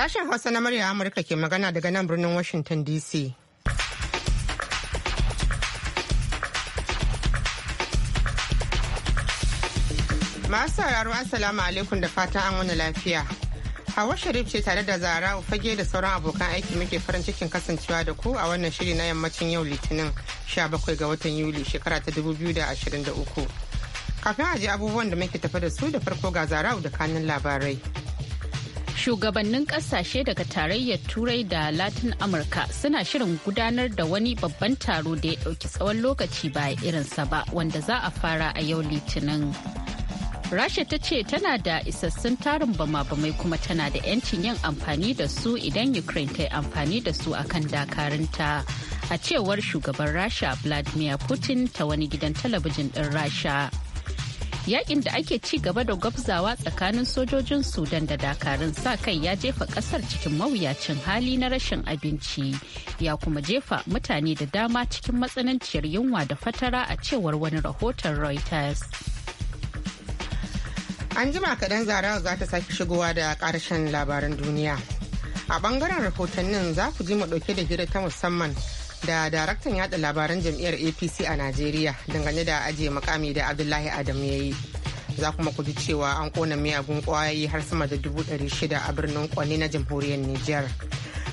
Sashen Hausa na murya Amurka ke magana daga nan birnin Washington DC. Masu sauraro Assalamu alaikum da fatan an wani lafiya. Hawa Sharif ce tare da Zara fage da sauran abokan aiki muke farin cikin kasancewa da ku a wannan shiri na yammacin yau Litinin 17 ga watan Yuli shekara ta 2023. Kafin aji abubuwan da muke tafa da su da farko ga Zarau da kanin labarai. shugabannin kasashe daga tarayyar turai da latin amurka suna shirin gudanar da wani babban taro da ya dauki tsawon lokaci ba irinsa ba wanda za a fara a yau litinin rasha ta ce tana da isassun tarin bama-bamai kuma tana da 'yancin yin amfani da su idan ukraine ta yi amfani da su akan dakarinta a cewar shugaban rasha vladimir putin ta wani gidan talabijin din rasha yakin da ake ci gaba da gwabzawa tsakanin sojojin sudan da dakarun sa kai ya jefa kasar cikin mawuyacin hali na rashin abinci ya kuma jefa mutane da dama cikin matsananciyar yunwa da fatara a cewar wani rahoton reuters an jima kadan zara za ta sake shigowa da karshen labaran duniya a bangaren rahotannin za ku ji mu ɗauke da hira ta musamman da daraktan yada labaran jam'iyyar apc a najeriya dangane da ajiye makami da abdullahi adam ya yi za kuma ku ji cewa an kona miyagun kwayoyi har sama da dubu ɗari shida a birnin kwanne na jamhuriyar Nijar.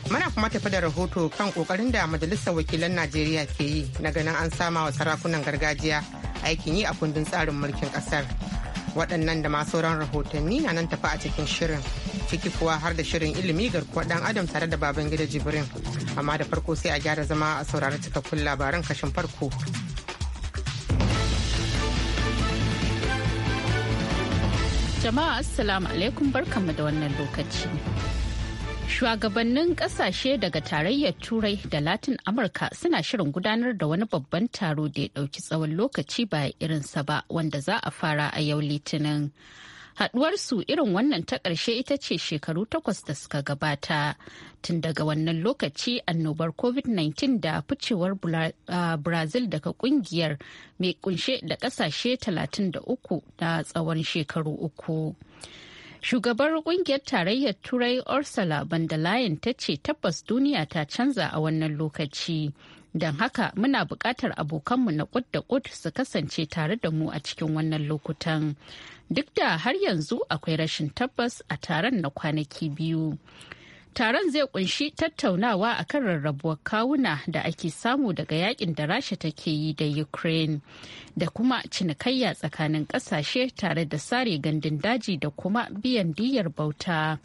muna kuma tafi da rahoto kan kokarin da majalisar wakilan najeriya ke yi na ganin an sama wa sarakunan gargajiya aikin yi a kundin tsarin mulkin kasar waɗannan da masu sauran rahotanni na nan tafi a cikin shirin ciki kuwa har da shirin ilimi garkuwa dan adam tare da baban gida jibrin amma da farko sai a gyara zama a saurari cikakkun labaran kashin farko jama'a assalamu alaikum barkanmu da wannan lokaci Shugabannin kasashe daga tarayyar Turai da Latin Amurka suna shirin gudanar da wani babban taro da ya dauki tsawon lokaci ba irinsa ba wanda za a fara a yau Litinin. Haɗuwarsu irin wannan ta ƙarshe ita ce shekaru takwas da suka gabata. Tun daga wannan lokaci annobar COVID-19 da ficewar Brazil daga ƙungiyar mai kunshe da ƙasashe 33 da tsawon shekaru uku. Shugabar kungiyar tarayyar Turai Ursula von der ta ce tabbas duniya ta canza a wannan lokaci Don haka muna buƙatar abokanmu na ƙud da ƙud su kasance tare da mu a cikin wannan lokutan. Duk da har yanzu akwai rashin tabbas a taron na kwanaki biyu. Taron zai kunshi tattaunawa a kan rarrabuwar kawuna da ake samu daga yakin da Rasha take yi da Ukraine da kuma cinikayya tsakanin ƙasashe tare da sare gandun daji da kuma biyan diyyar bauta.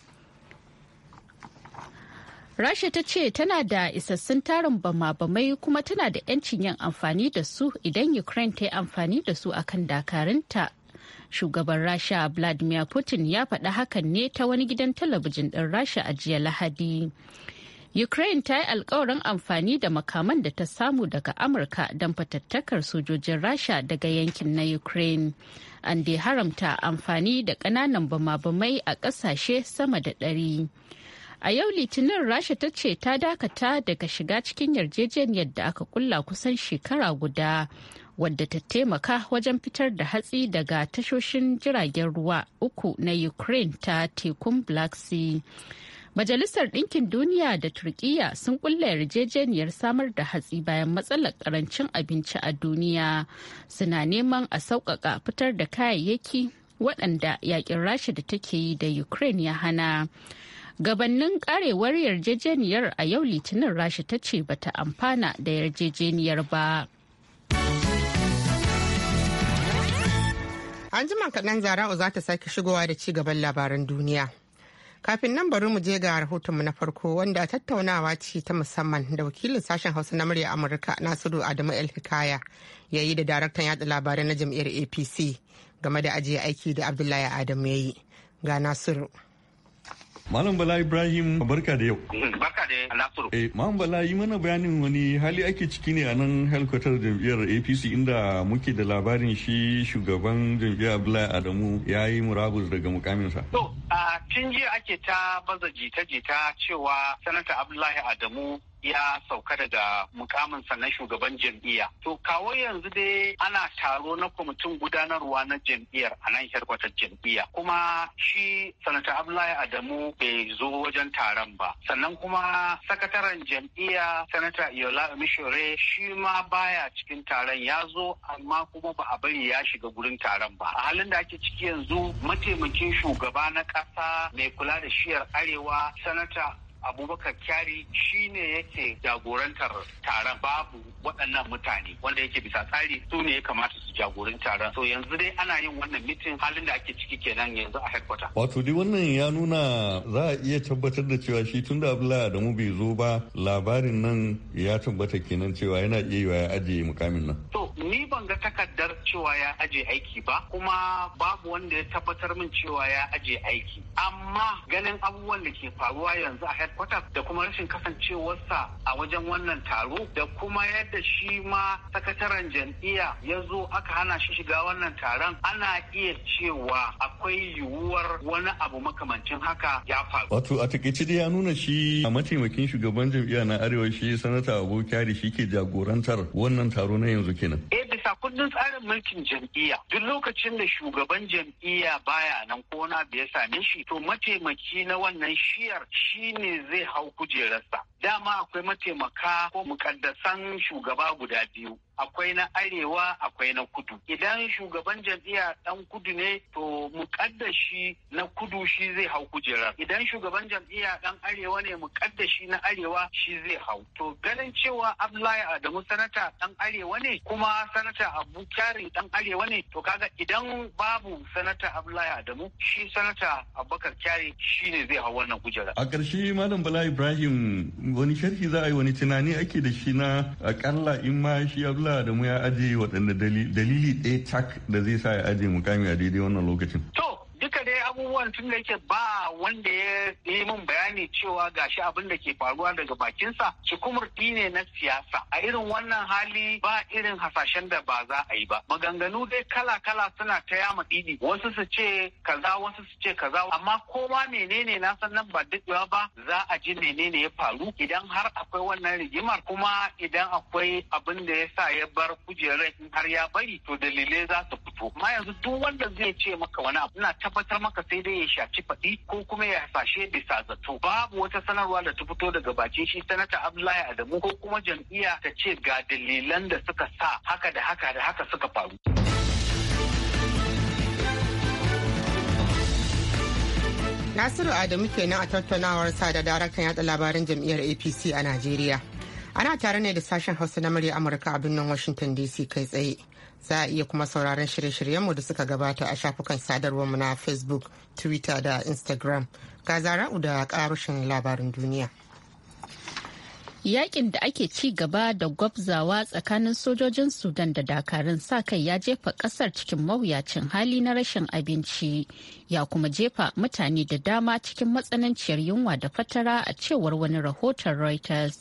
Rasha ta ce tana da isassun tarin bama-bamai kuma tana da 'yancin yin amfani da su idan Ukraine ta yi amfani da su akan dakarunta. Shugaban Rasha Vladimir Putin ya faɗa hakan ne ta wani gidan talabijin ɗin Rasha a jiya Lahadi. Ukraine ta yi alkawarin amfani da makaman da ta samu daga Amurka don fatattakar sojojin Rasha daga yankin na Ukraine. An dai haramta amfani da ƙananan bama-bamai a ƙasashe sama da ɗari. A yau Litinin Rasha ta ce ta dakata daga shiga cikin yarjejeniyar da aka kulla kusan shekara guda. wadda ta taimaka wajen fitar da hatsi daga tashoshin jiragen ruwa uku na ukraine ta tekun black sea majalisar ɗinkin duniya da turkiya sun kulla yarjejeniyar samar da hatsi bayan matsalar karancin abinci a duniya suna neman a sauƙaƙa fitar da kayayyaki waɗanda yaƙin rasha da take yi da ukraine ya hana gabannin karewar yarjejeniyar a yau litinin rasha ta ce bata amfana da yarjejeniyar ba an jima kaɗan zara'u za ta sake shigowa da ci gaban labaran duniya kafin nan bari mu je ga rahotonmu na farko wanda tattaunawa ce ta musamman da wakilin sashen hausa na murya amurka nasiru adamu el hikaya ya yi da daraktan yada labarai na jam'iyyar apc game da ajiye aiki da abdullahi adamu ya yi ga nasiru Malam Bala Ibrahim barka da yau. Mm, barka da Nasiru. Eh Malam Bala yi mana bayanin wani hali ake ciki ne a nan helkwatar jam'iyyar APC inda muke da labarin shi shugaban jam'iyyar Abdullahi Adamu ya yi murabus daga mukaminsa. To a tun jiya ake ta baza jita-jita cewa sanata Abdullahi Adamu ya sauka daga mukaminsa na shugaban jam'iyya. To kawo yanzu dai ana taro na kwamitin gudanarwa na jam'iyyar a nan herkwatar jam'iyya. Kuma shi sanata Abdullahi Adamu bai zo wajen taron ba. Sannan kuma sakataren jam'iyya sanata Yola Mishore shi ma baya cikin taron ya zo amma kuma ba a bari ya shiga gurin taron ba. A halin da ake ciki yanzu mataimakin shugaba na ƙasa mai kula da shiyar arewa sanata abubakar kyari shi ne yake jagorantar taron babu waɗannan mutane wanda yake bisa tsari su ne ya kamata su jagorin taron to yanzu dai ana yin wannan mitin halin da ake ciki kenan yanzu a headquarter wato dai wannan ya nuna za a iya tabbatar da cewa shi tun tunda abdullahi adamu bai zo ba labarin nan ya tabbata kenan cewa yana iya yiwa ya ajiye mukamin nan to ni ban ga takardar cewa ya aje aiki ba kuma babu wanda ya tabbatar min cewa ya aje aiki amma ganin abubuwan da ke faruwa yanzu a headquarters da kuma rashin kasancewarsa a wajen wannan taro da kuma yadda shi ma sakataren jam'iyya ya zo aka hana shi shiga wannan taron ana iya cewa akwai yiwuwar wani abu makamancin haka ya faru. Wato a takaice dai ya nuna shi a mataimakin shugaban jam'iyya na arewa shi sanata abokari shi ke jagorantar wannan taro na yanzu kenan. Eh bisa kundin tsarin mulkin jam'iyya duk lokacin da shugaban jam'iyya baya nan ko na bai same shi to mataimaki na wannan shiyar shine zai hau kujerarsa. Dama akwai mataimaka ko mukaddasan shugaba guda biyu. akwai na arewa akwai na kudu idan shugaban jam'iyya dan kudu ne to mukaddashi na kudu shi zai hau kujera idan shugaban jam'iyya dan arewa ne mukaddashi na arewa shi zai hau to ganin cewa Abdullahi Adamu sanata dan arewa ne kuma sanata Abu Kyari dan arewa ne to kaga idan babu sanata Abdullahi Adamu shi sanata Abubakar Kyari shine zai hau wannan kujera. a ƙarshe malam Bala Ibrahim wani sharhi za a yi wani tunani ake da shi na akalla in ma shi Abdullahi da Adamu ya ajiye waɗanda dalili ɗaya tak da zai sa ya ajiye mukami a daidai wannan lokacin. To abubuwan tun da yake ba wanda ya yi min bayani cewa gashi abin da ke faruwa daga bakinsa cikumurti ne na siyasa a irin wannan hali ba irin hasashen da ba za a yi ba maganganu dai kala kala suna ta yama didi wasu su ce kaza wasu su ce kaza amma kowa menene na san nan ba daɗewa ba za a ji menene ya faru idan har akwai wannan rigimar kuma idan akwai abin da ya sa ya bar kujerar in har ya bari to dalilai za su fito amma yanzu duk wanda zai ce maka wani abu ina tabbatar maka haka sai dai ya shaci faɗi ko kuma ya hasashe bisa zato babu wata sanarwa da ta fito daga bakin shi sanata abdullahi adamu ko kuma jam'iyya ta ce ga dalilan da suka sa haka da haka da haka suka faru. Nasiru Adamu kenan a tattaunawar sa da daraktan yada labaran jam'iyyar APC a Najeriya. Ana tare ne da sashen Hausa na murya Amurka a birnin Washington DC kai tsaye. za a iya kuma sauraron shirye-shiryenmu da suka gabata a shafukan sadarwarmu na facebook twitter da instagram ga zara'u da karushin labarin duniya yakin da ake ci gaba da gwabzawa tsakanin sojojin sudan da dakarun sa kai ya jefa kasar cikin mawuyacin hali na rashin abinci ya kuma jefa mutane da dama cikin matsananciyar yunwa da fatara a cewar wani rahoton reuters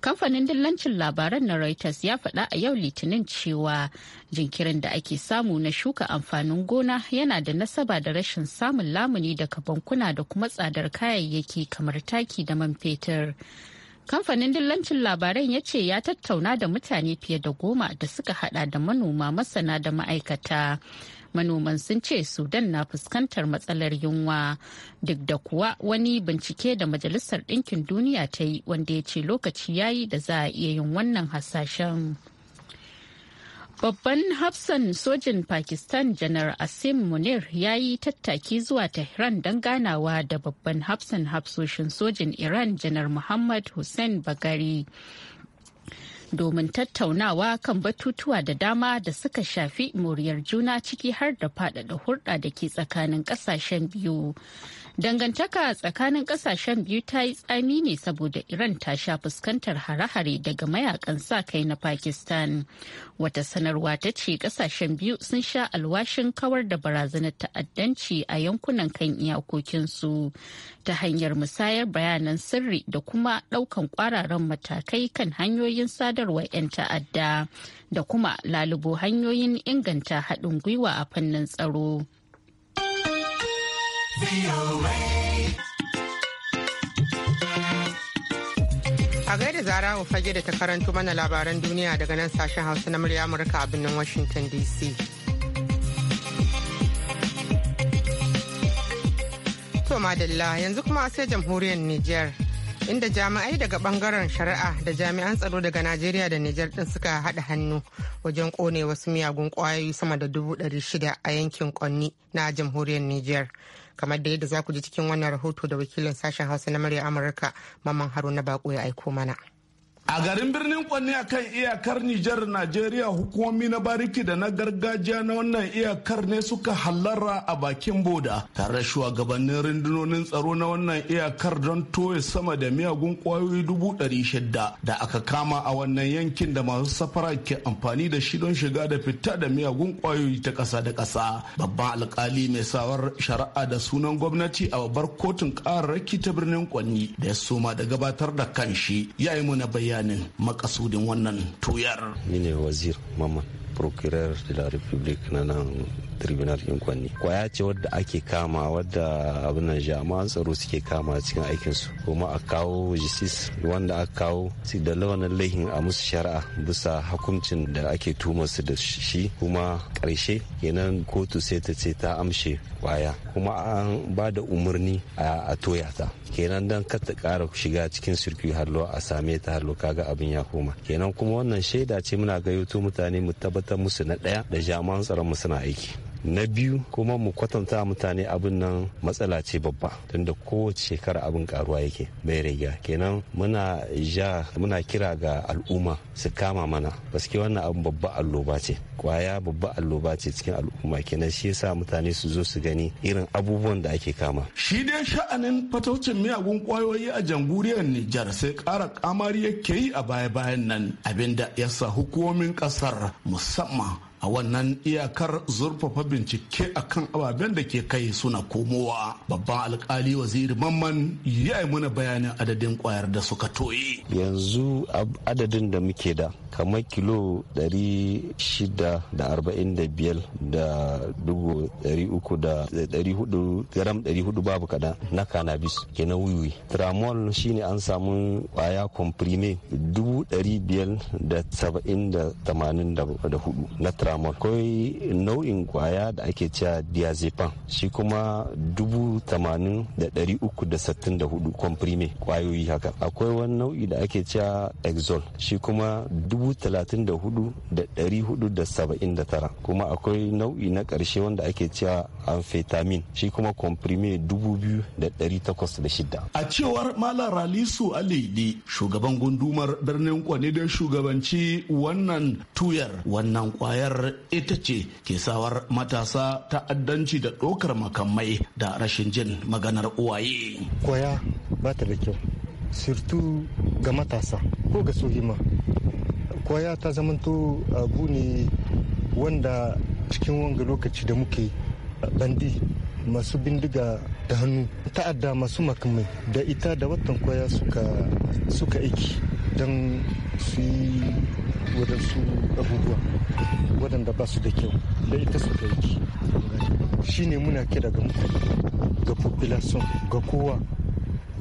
Kamfanin dillancin labaran na Reuters ya faɗa a yau Litinin cewa jinkirin da ake samu na shuka amfanin gona yana da nasaba da rashin samun lamuni daga bankuna da kuma tsadar kayayyaki kamar taki da man fetur. kamfanin dillancin labaran ya ce ya tattauna da mutane fiye da goma da suka hada da manoma masana da ma'aikata manoman sun ce sudan na fuskantar matsalar yunwa duk da kuwa wani bincike da majalisar ɗinkin duniya ta yi wanda ya ce lokaci ya yi da za a iya yin wannan hasashen. Babban hafsan sojin Pakistan janar Asim Munir ya yi tattaki zuwa Tehran don ganawa da babban hafsan hafsoshin sojin Iran janar Muhammad Hussein Bagari domin tattaunawa kan batutuwa da dama da suka shafi moriyar juna ciki har da faɗaɗa hulɗa da ke tsakanin ƙasashen biyu. Dangantaka tsakanin kasashen biyu ta yi tsami ne saboda Iran ta sha fuskantar hare-hare daga mayakan sa kai na Pakistan. Wata sanarwa ta ce kasashen biyu sun sha alwashin kawar da barazanar ta'addanci a yankunan kan iyakokinsu ta hanyar musayar bayanan sirri da kuma daukan kwararan matakai kan hanyoyin sadarwar 'yan ta'adda da kuma lalubo hanyoyin inganta haɗin gwiwa a fannin tsaro. A gaida zara wa fage da ta karanto mana labaran duniya daga nan sashen Hausa na murya Amurka a birnin Washington DC. To madalla yanzu kuma sai jamhuriyar Nijar. inda jami'ai daga bangaren shari'a da jami'an tsaro daga najeriya da nijar din suka haɗa hannu wajen kone wasu miyagun kwayoyi sama da dubu ɗari shida a yankin konni na jamhuriyar nijar kamar da yadda za ku ji cikin wannan rahoto da wakilin sashen hausa na murya amurka maman haruna bako ya aiko mana. A garin birnin Kwanne a kan iyakar Nijar Najeriya hukumomi na bariki da na gargajiya na wannan iyakar ne suka hallara a bakin boda tare shugabannin rundunonin tsaro na wannan iyakar don toye sama da miyagun kwayoyi dubu ɗari shida da aka kama a wannan yankin da masu safara ke amfani da shi don shiga da fita da miyagun kwayoyi ta ƙasa da kasa. Babban alkali mai sawar shari'a da sunan gwamnati a babbar kotun ƙararraki ta birnin Kwanni da ya soma da gabatar da kanshi ya yi mu na bayyana. bayanin makasudin wannan tuyar. Ni ne wazir mamman. procureur de la republic na nan tribunal in kwanni kwaya ce wadda ake kama wadda abin jami'an tsaro suke kama cikin aikinsu kuma a kawo justice wanda aka kawo su da launin laihin a musu shari'a bisa hukuncin da ake tuma su da shi kuma karshe kenan kotu sai ta ce ta amshe kwaya kuma an ba da umarni a toya ta kenan dan kata kara shiga cikin sirki harlo a same ta harlo kaga abin ya koma kenan kuma wannan shaida ce muna gayyato mutane mu tabbatar ta musu na ɗaya da jami'an tsaron mu suna aiki na biyu kuma mu kwatanta mutane abin nan matsala ce babba da kowace shekara abin karuwa yake bai riga kenan muna ja muna kira ga al'umma su kama mana gaske wannan abin babba alloba ce kwaya babba alloba ce cikin al'umma kenan shi yasa mutane su zo su gani irin abubuwan da ake kama shi dai sha'anin fataucin miyagun kwayoyi a jamhuriyar Nijar sai kara kamari yake yi a baya-bayan nan abinda yasa hukumomin kasar musamman a wannan iyakar zurfafa bincike a kan ababen da ke kai suna komowa babban alkali waziri mamman ya yi mana bayanin adadin kwayar da suka toye yanzu adadin da muke da kamar kilo 645 da dubu gram 400 babu kada na kanabis ke na wiwi tramol shine an samu kwaya comprime 574 na samu akwai nau'in kwaya da ake cewa diazepam shi kuma dubu tamanin da dari uku da sattin da hudu komprime kwayoyi haka akwai wani nau'i da ake cewa exol shi kuma dubu talatin da hudu da dari hudu da saba'in da tara kuma akwai nau'i na ƙarshe wanda ake cewa amfetamin shi kuma komprime dubu biyu da ɗari takwas da shida a cewar malam ralisu alaidi shugaban gundumar birnin kwane don shugabanci wannan tuyar wannan kwayar kamar ita ce ke sawar matasa ta'addanci da ɗaukar makamai da rashin jin maganar uwaye. Koya ba ta da kyau, sirtu ga matasa ko ga sohima. Koya ta zamanto abu ne wanda cikin wanga lokaci da muke bandi masu bindiga da hannu ta'adda masu makamai da ita da watan koya suka iki don su yi wadansu abubuwa wadanda ba su da kyau da ita su ka yi shi ne muna kira ga mutane ga population ga kowa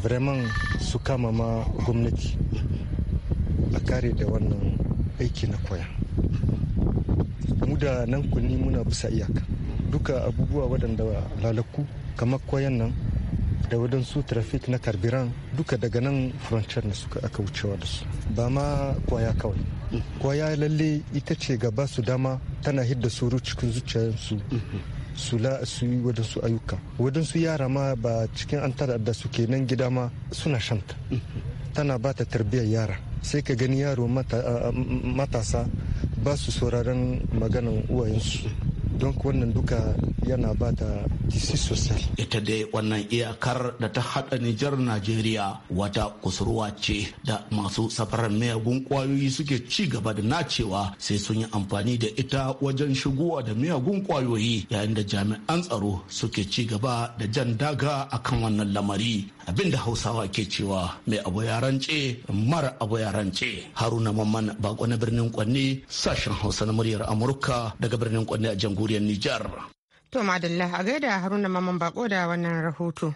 vraiment su kama ma gwamnati a kare da wannan aiki na koya mu da nan kunni muna bisa iyaka duka abubuwa wadanda lalaku kamar koyan nan da wadansu trafik na karbiran duka daga nan frontier na suka aka wucewa da su ba ma kwaya kawai kwaya lalle ita ce gaba su dama tana hidda suru cikin zuciyarsu su la su yi wadansu ayyuka wadansu yara ma ba cikin an da su kenan gida ma suna shanta tana ba ta tarbiyyar yara sai ka gani yaro matasa ba su sauraron maganan uwayensu don wannan duka yana ba ta disi sosai ita dai wannan iyakar da ta hada nijar najeriya wata kusurwa ce da masu safarar miyagun kwayoyi suke ci gaba da nacewa sai sun yi amfani da ita wajen shigowa da miyagun kwayoyi yayin da jami'an tsaro suke ci gaba da jan daga a kan wannan lamari abinda hausawa ke cewa mai abu ya rance mara abu ya rance haruna mamman bako na birnin kwanne sashen hausa na muryar amurka daga birnin kwanne a jangu jamhuriyar Nijar. To madalla a gaida Haruna Maman Bako da wannan rahoto.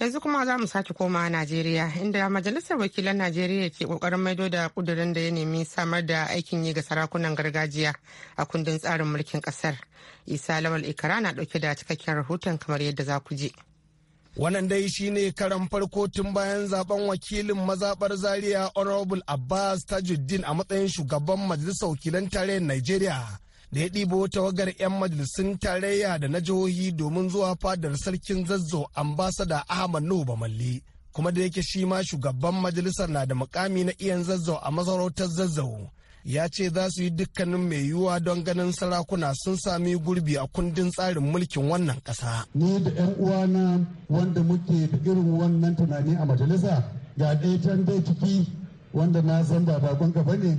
Yanzu kuma za mu sake koma Najeriya inda Majalisar Wakilan Najeriya ke kokarin maido da kudirin da ya nemi samar da aikin yi ga sarakunan gargajiya a kundin tsarin mulkin kasar. Isa Lawal Ikara na dauke da cikakken rahoton kamar yadda za ku je. Wannan dai shi ne karan farko tun bayan zaben wakilin mazaɓar Zaria Honorable Abbas Tajuddin a matsayin shugaban Majalisar Wakilan Tarayyar Najeriya da ya ɗibo tawagar 'yan majalisun tarayya da na jihohi domin zuwa fadar sarkin zazzau ambasada ahmad nuhu bamalli kuma da yake shi ma shugaban majalisar na da mukami na iyan zazzau a masarautar zazzau ya ce za su yi dukkanin mai yiwuwa don ganin sarakuna sun sami gurbi a kundin tsarin mulkin wannan ƙasa. ni da 'yan uwana wanda muke da irin wannan tunani a majalisa ga ɗaya can dai ciki wanda na san ba bakon gaba ne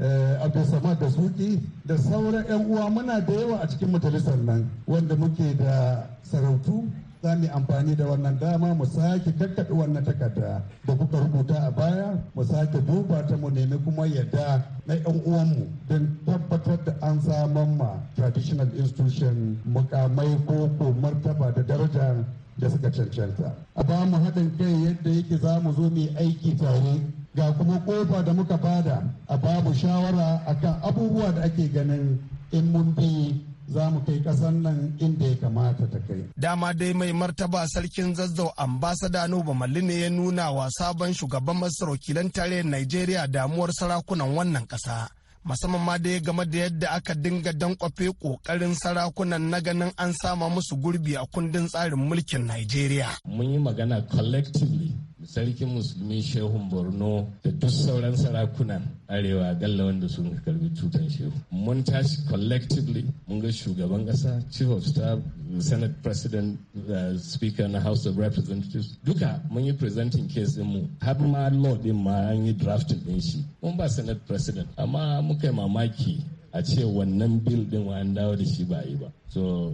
Eh, abdulsamad da suki da sauran 'yan uwa muna da yawa a cikin majalisar nan wanda muke da sarautu za mu amfani da wannan dama mu sake kakkaɗe wannan takarda da kuka rubuta a baya mu sake duba ta mu nemi kuma yadda na 'yan uwanmu don tabbatar da an samar ma traditional institution mukamai ko ko martaba da daraja da suka cancanta a ba mu haɗin kai yadda yake za mu zo mu aiki tare ga kuma kofa da muka bada a babu shawara akan abubuwa da ake ganin in mun bi za mu kai kasan nan inda ya kamata ta kai. Dama dai mai martaba sarkin zazzau ambasada Nuba Malli ne ya nuna wa sabon shugaban masu wakilan tarayyar Najeriya damuwar sarakunan wannan kasa musamman ma dai game da yadda aka dinga dankwafe kokarin sarakunan na ganin an sama musu gurbi a kundin tsarin mulkin Najeriya. Mun yi magana collectively sarkin musulmi shehun borno da duk sauran sarakunan arewa galla wanda sun karbi tutan shehu mun tashi collectively mun ga shugaban kasa chief of staff senate president uh, speaker na house of representatives duka mun yi presenting case din mu har ma law din ma an yi drafting din shi mun ba senate president amma muka yi mamaki a ce wannan bil din wa an dawo da shi ba yi ba so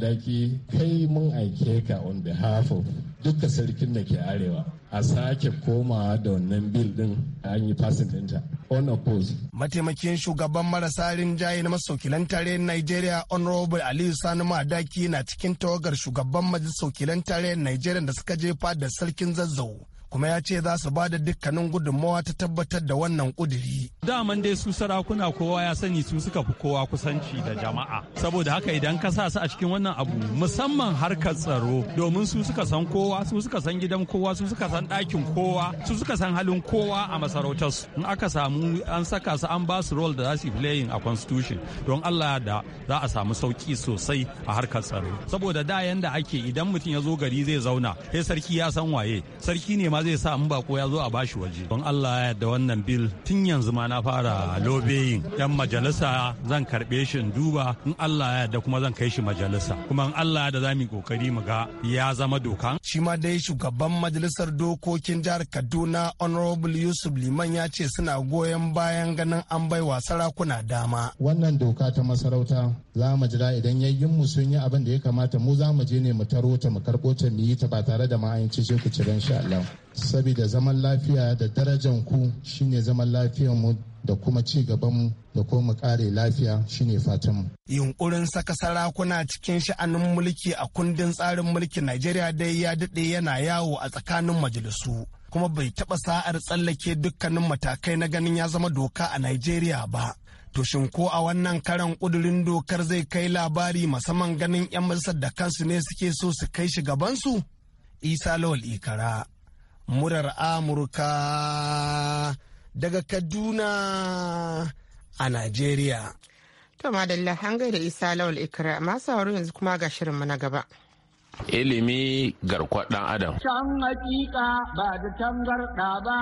daki kai mun aike ka on behalf of duka sarkin da ke arewa a sake komawa da wannan bil din an yi fasin dinta on oppose mataimakin shugaban marasa rinjaye na masaukilan tarayyar nigeria honorable aliyu sani madaki na cikin tawagar shugaban majalisar wakilan tarayyar nigeria da suka jefa da sarkin zazzau kuma ya ce za su ba da dukkanin gudunmawa ta tabbatar da wannan kuduri. Daman dai su sarakuna kowa ya sani su suka fi kowa kusanci da jama'a. Saboda haka idan ka sa su a cikin wannan abu musamman harkar tsaro domin su suka san kowa su suka san gidan kowa su suka san ɗakin kowa su suka san halin kowa a masarautarsu. In aka samu an saka su an ba su role da za su playing a constitution don Allah da za a samu sauki sosai a harkar tsaro. Saboda da yanda ake idan mutum ya zo gari zai zauna sai sarki ya san waye sarki ne ma ma zai sa in bako ya zo a bashi waje don Allah ya yarda wannan bil tun yanzu ma na fara lobeyin yan majalisa zan karbe shi in duba in Allah ya yarda kuma zan kai shi majalisa kuma in Allah ya da za mu kokari mu ga ya zama dokan. shi ma dai shugaban majalisar dokokin jihar Kaduna honorable Yusuf Liman ya ce suna goyon bayan ganin an baiwa sarakuna dama wannan doka ta masarauta za mu jira idan yayyin mu sun yi abin da ya kamata mu za mu je ne mu taro ta mu karbo ta mu yi ta ba tare da ma'ayin ce ku ci insha Allah saboda zaman lafiya da darajan ku shine zaman lafiyar mu da kuma ci gabanmu da kuma kare lafiya shine fatanmu. Yunkurin saka sarakuna cikin sha'anin mulki a kundin tsarin mulkin Najeriya dai ya daɗe yana yawo a tsakanin majalisu. Kuma bai taɓa sa'ar tsallake dukkanin matakai na ganin ya zama doka a Najeriya ba. To shin ko a wannan karan ƙudurin dokar zai kai labari musamman ganin 'yan majalisar da kansu ne suke so su kai shi gabansu? Isa Lawal Ikara murar Amurka daga Kaduna a Najeriya. To madalla an da Isa Lawal Ikra masu hauru yanzu kuma ga shirinmu na gaba. Ilimi garkwa ɗan Adam. Can hakika ba da tangarɗa ba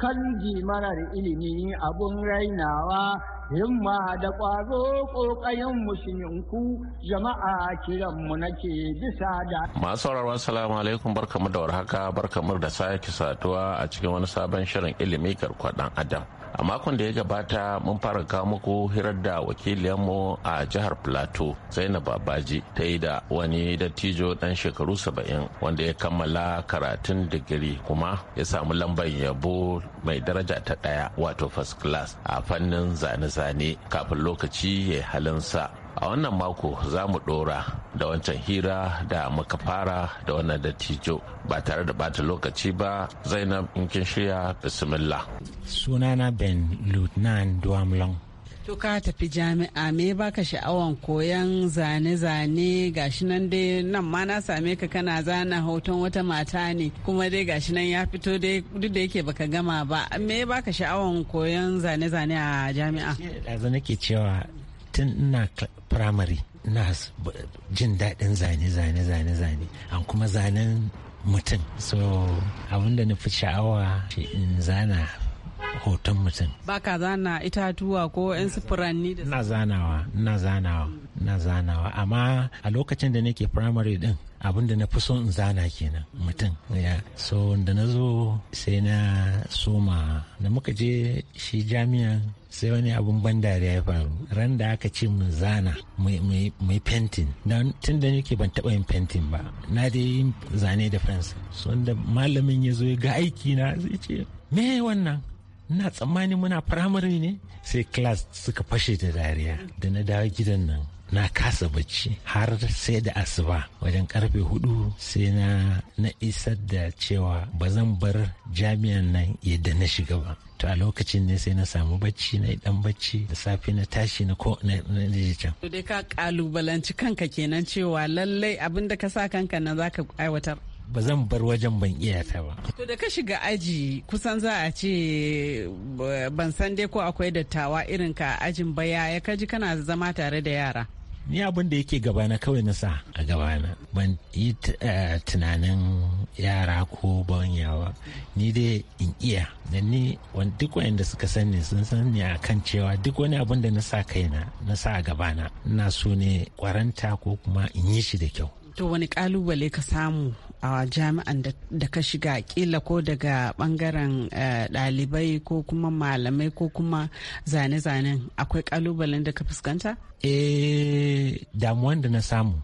kan marar ilimi abun rainawa himma da ƙwazo ƙoƙayen musulminku jama'a kiranmu nake bisa da. Masu sauraron salamu alaikum barkamu da warhaka barkamu da sake saduwa a cikin wani sabon shirin ilimi karkwa adam. a makon da ya gabata mun fara kawo muku hirar da wakiliyanmu a jihar plateau zainab babaji ta yi da wani dattijo dan shekaru saba'in wanda ya kammala karatun digiri kuma ya samu lambar yabo mai daraja ta daya wato first class a fannin zane-zane kafin lokaci ya halinsa a wannan mako za mu dora da wancan hira da muka fara da wannan dattijo ba tare da bata lokaci ba zainab in kin shirya bismillah sunana ben lutnan duamlong to ka tafi jami'a me baka sha'awan koyan zane-zane gashi nan dai nan ma na same ka kana zana hoton wata mata ne kuma dai gashi nan ya fito dai duk da yake baka gama ba me baka sha'awan koyan zane-zane a jami'a nake cewa tun ina primary na jin daɗin zane zane zane zane an kuma zanen mutum so abinda na fi sha'awa in zana hoton mutum ba ka zana itatuwa ko yan furanni da na zanawa na zanawa na zanawa amma a lokacin da nake primary din abin da na fi so in zana kenan mutum ya so da na zo sai na soma da muka je shi jami'an sai wani abun ban dariya ya faru ran da aka ce mu zana mai fentin don tun da nake ban taba yin fentin ba na dai yi zane da fensa so da malamin ya zo ga aiki na zai ce me wannan ina tsammanin muna firamare ne sai class suka fashe da dariya da na dawo gidan nan na kasa bacci har sai da asuba wajen karfe hudu sai na na isar da cewa ba zan bar jami'an nan yadda na shiga ba to a lokacin ne sai na samu bacci na dan bacci da safe na tashi na ko na je can to dai ka kalubalanci kanka kenan cewa lallai abin da ka sa kanka nan zaka aiwatar ba zan bar wajen ban iya ta ba. To da ka shiga aji kusan za a ce ban san dai ko akwai dattawa irin ka ajin baya ya kaji kana zama tare da yara. Ni abin da yake gabana kawai na sa a gabana ban yi eh, tunanin yara ko ban yawa ni dai in iya da ni duk wanda suka sani sun ni a kan cewa duk wani abin da na sa kaina na sa a gabana na so ne kwaranta ko kuma in yi shi da kyau. To wani kalubale ka samu a jami'an da ka shiga kila ko daga bangaren eh, ɗalibai ko kuma malamai ko kuma zane-zanen akwai kalubalen da ka fuskanta? eh damuwan da na samu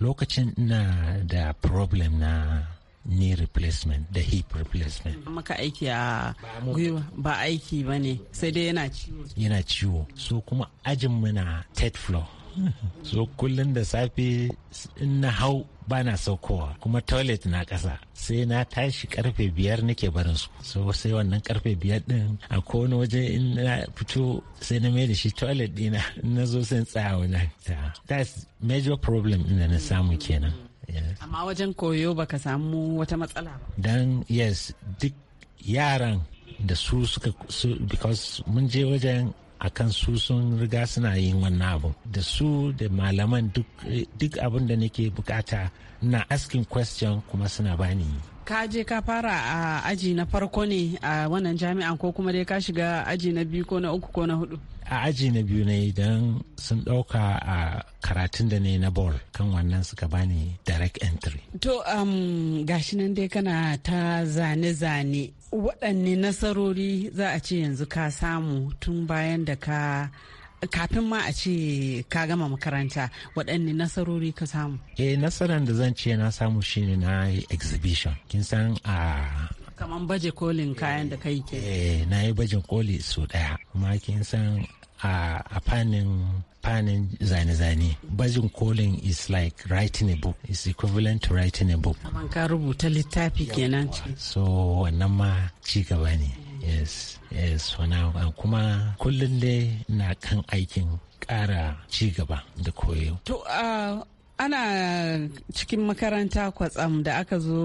lokacin na da problem na knee replacement da hip replacement. maka aiki a gwiwa ba aiki ba ne sai dai yana ciwo. yana ciwo so kuma ajin muna third floor so kullum da safe in na hau ba na saukowa kuma toilet na kasa sai na tashi karfe biyar nake barin su so sai wannan karfe biyar din a kowane waje in na fito sai na da shi toilet dina na zo sai tsaya wani that's major problem ina na samu kenan amma wajen koyo baka samu wata matsala ba dan yes duk yaran da su suka because mun je wajen akan su sun riga suna yin wannan abun da su da malaman duk abin da nake bukata na asking question kuma suna bani ka je ka fara a aji na farko ne a wannan jami'an ko kuma dai ka shiga aji na biyu ko na uku ko na hudu a aji na biyu ne idan sun dauka a karatun da ne na ball kan wannan suka bani direct entry to um, gashi nan dai kana ta zane-zane waɗanne nasarori za a ce yanzu ka samu tun bayan da ka kafin ma a ce ka gama makaranta waɗanne nasarori ka samu E, eh, nasarar da zan ce na samu shine na exhibition kin san a kamar baje kolin kayan da kai ke eh, na yi baje koli su ɗaya. kuma kin san a fannin fannin zane-zane bajin kolin is like writing a book is equivalent to writing a book ka rubuta littafi kenan so wannan ma ci gaba ne yes yes wana uh, kuma kullum dai na kan aikin ƙara. ci gaba da koyo to uh, ana cikin makaranta kwatsam da aka zo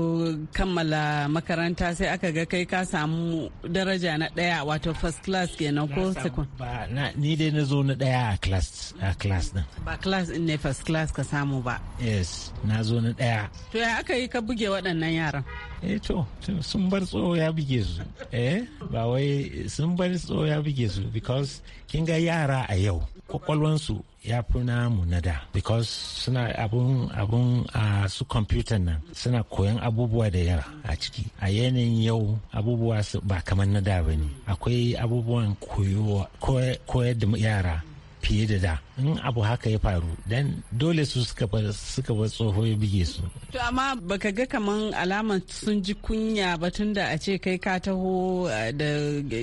kammala makaranta sai aka ga kai ka samu daraja na daya wato first class kenan ko second ba ni dai na zo na daya a class a class din ba class din ne first class ka samu ba yes na zo na daya to ya aka yi ka buge waɗannan yaran eh to sun bar tso ya buge su eh ba wai sun bar tso ya buge su because kin ga yara a yau kwakwalwansu ya fi namu na da because suna abun abun a su kwamfutan nan suna koyan abubuwa da yara a ciki a yanayin yau abubuwa ba kamar na da ba ne akwai abubuwan koyar da yara fiye da da in abu haka ya faru dan dole su suka bar tsoho ya buge su to amma baka ga kaman alamar sun ji kunya ba tunda a ce kai ka taho eh, da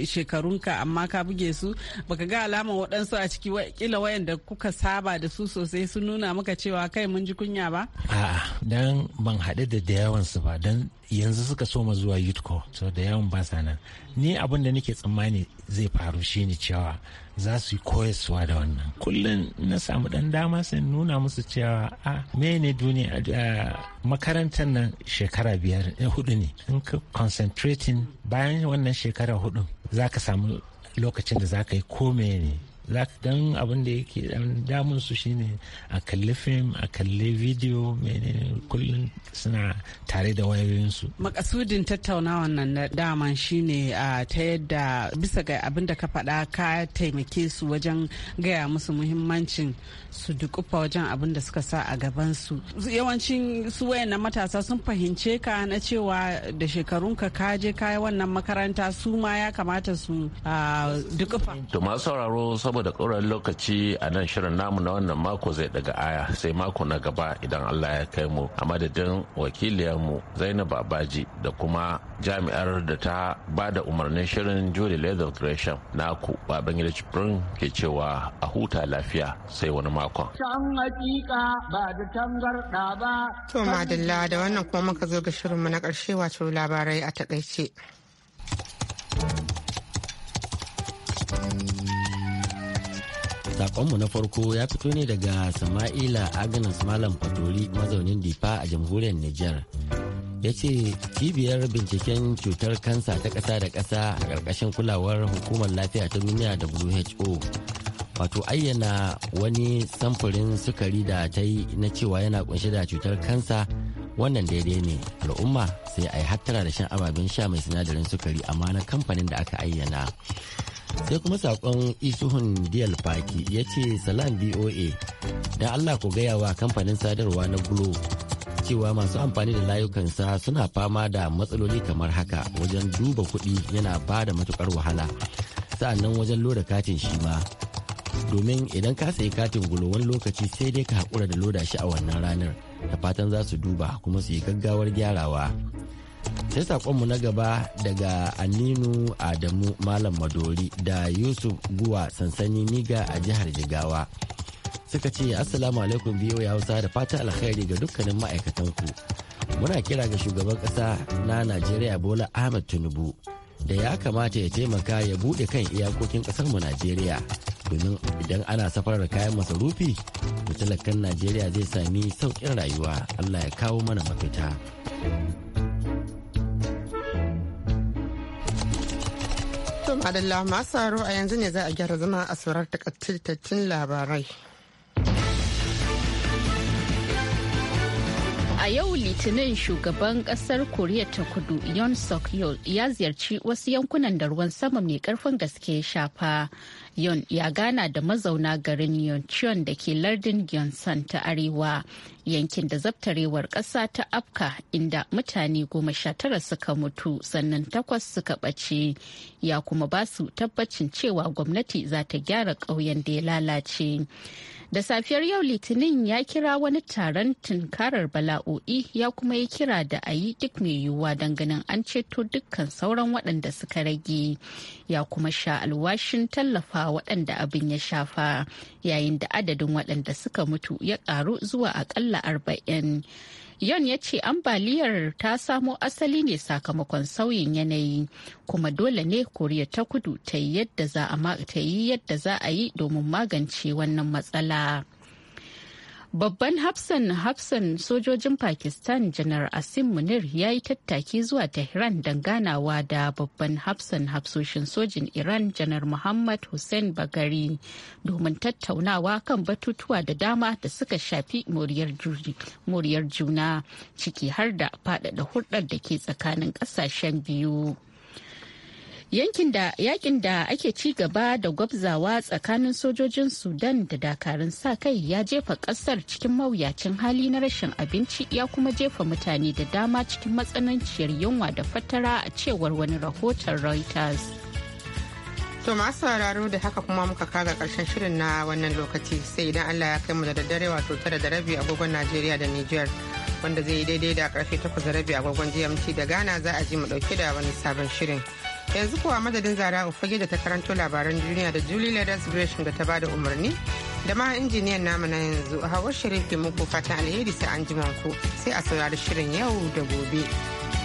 shekarunka amma ka buge su baka ga alamar waɗansu a ciki kila wayanda kuka saba da su sosai sun nuna maka cewa kai mun ji kunya ba a'a dan ban haɗu da da yawan su ba dan yanzu suka soma zuwa yutko so da yawan ba sanan nan ni abin da nake tsammani zai faru shine cewa za su yi koyaswa da wannan kullum na samu dan dama sai nuna musu cewa a ah, mene duniya a ah, makarantar nan shekara biyar eh, hudu ne in ka concentrating bayan wannan shekara hudu za ka samu lokacin da za ka yi ko ne dan abin da yake damun su shine a kalli fim a kalli video menene kullum suna tare da wayoyinsu makasudin tattaunawan nan na daman shine a ta yadda bisa ga abin da ka faɗa ka taimake su wajen gaya musu muhimmancin su dukufa wajen abin da suka sa a gaban su yawancin su na matasa sun fahimce ka na cewa da shekarunka ka je kayi wannan makaranta su ma ya kamata su dukufa sauraro da ƙoran lokaci a nan shirin namu na wannan mako zai daga aya sai mako na gaba idan Allah ya kai mu a madadin wakiliyarmu Zainab Babaji da kuma jami'ar da ta ba da umarnin shirin Julie Leather Gresham ku Babangida Ciprin ke cewa a huta lafiya sai wani makon. Can hakika ba da tangarɗa ba. To madalla da wannan kuma muka zo ga shirinmu na ƙarshe wato labarai a takaice. Sakonmu na farko ya fito ne daga Sama'ila Agnes Malam Fatori mazaunin Difa a jamhuriyar niger Ya ce cibiyar binciken cutar kansa ta ƙasa da ƙasa a ƙarƙashin kulawar hukumar lafiya ta duniya WHO. Wato ayyana wani samfurin sukari da ta yi na cewa yana kunshe da cutar kansa wannan daidai ne al'umma sai a yi hattara da shan ababen sha mai sinadarin sukari amma na kamfanin da aka ayyana. sai kuma sakon isuhun diyal faki ya ce salam boa da allah ku gaya wa kamfanin sadarwa na glo cewa masu amfani da layukansa suna fama da matsaloli kamar haka wajen duba kuɗi yana ba da matukar wahala sa'annan wajen loda katin shi ma domin idan ka sayi katin gulo wani lokaci sai dai ka haƙura da loda shi a wannan ranar da fatan za su duba kuma su yi gaggawar gyarawa sai saƙonmu na gaba daga aninu adamu malam madori da yusuf guwa sansani niga a jihar jigawa suka ce assalamu alaikum biyo ya hausa da fata alkhairi ga dukkanin ma'aikatanku muna kira ga shugaban ƙasa na najeriya bola ahmed tinubu da ya kamata ya taimaka ya buɗe kan iyakokin mu najeriya domin idan ana safarar kayan masarufi da talakan najeriya zai sami sauƙin rayuwa allah ya kawo mana mafita To madalla masu haro a yanzu ne za a gyara zama a saurar takaitattun labarai. A yau Litinin shugaban kasar Koriya ta kudu Yon Suk Yeol ya ziyarci wasu yankunan da ruwan sama mai karfin gaske shafa Yon ya gana da mazauna garin Yonchon da ke lardin Gyeongsang ta Arewa, yankin da zabtarewar ƙasa ta Afka inda mutane goma sha tara suka mutu sannan takwas suka ɓace. Ya kuma ba su tabbacin cewa gwamnati za ta gyara ƙauyen da ya lalace. Da safiyar yau Litinin ya kira wani taron tunkarar bala'o'i ya kuma yi kira da a yi duk mai yiwuwa ganin an ceto dukkan sauran waɗanda suka rage. Ya kuma sha alwashin tallafa tallafa waɗanda abin ya shafa yayin da adadin waɗanda suka mutu ya ƙaru zuwa aƙalla arba'in. Yon ya ce ambaliyar ta samo asali ne sakamakon sauyin yanayi kuma dole ne Koriya ta kudu ta yi yadda za a yi domin magance wannan matsala. Babban hafsan hafsan sojojin Pakistan janar Asim Munir ya yi tattaki zuwa Tehran don ganawa da babban hafsan hafsoshin sojin Iran janar Muhammad Hussein Bagari domin tattaunawa kan batutuwa da dama da suka shafi moriyar juna ciki har da faɗaɗa hurɗar da ke tsakanin ƙasashen biyu. yankin da yakin da ake ci gaba da gwabzawa tsakanin sojojin sudan da dakarun sa kai ya jefa kasar cikin mawuyacin hali na rashin abinci ya kuma jefa mutane da dama cikin matsananciyar yunwa da fatara a cewar wani rahoton reuters to masu sauraro da haka kuma muka kaga karshen shirin na wannan lokaci sai idan allah ya kai mu da daddare wato tara da rabi agogon najeriya da niger wanda zai yi daidai da karfe takwas da rabi agogon gmt da ghana za a ji mu dauke da wani sabon shirin yanzu kuwa madadin zara a fage da ta karanto labaran duniya da julie leathers gresham da ta bada umarni da ma injiniyan namu na yanzu hawa shirin ke muku fatan alheri sai an ku sai a saurari shirin yau da gobe.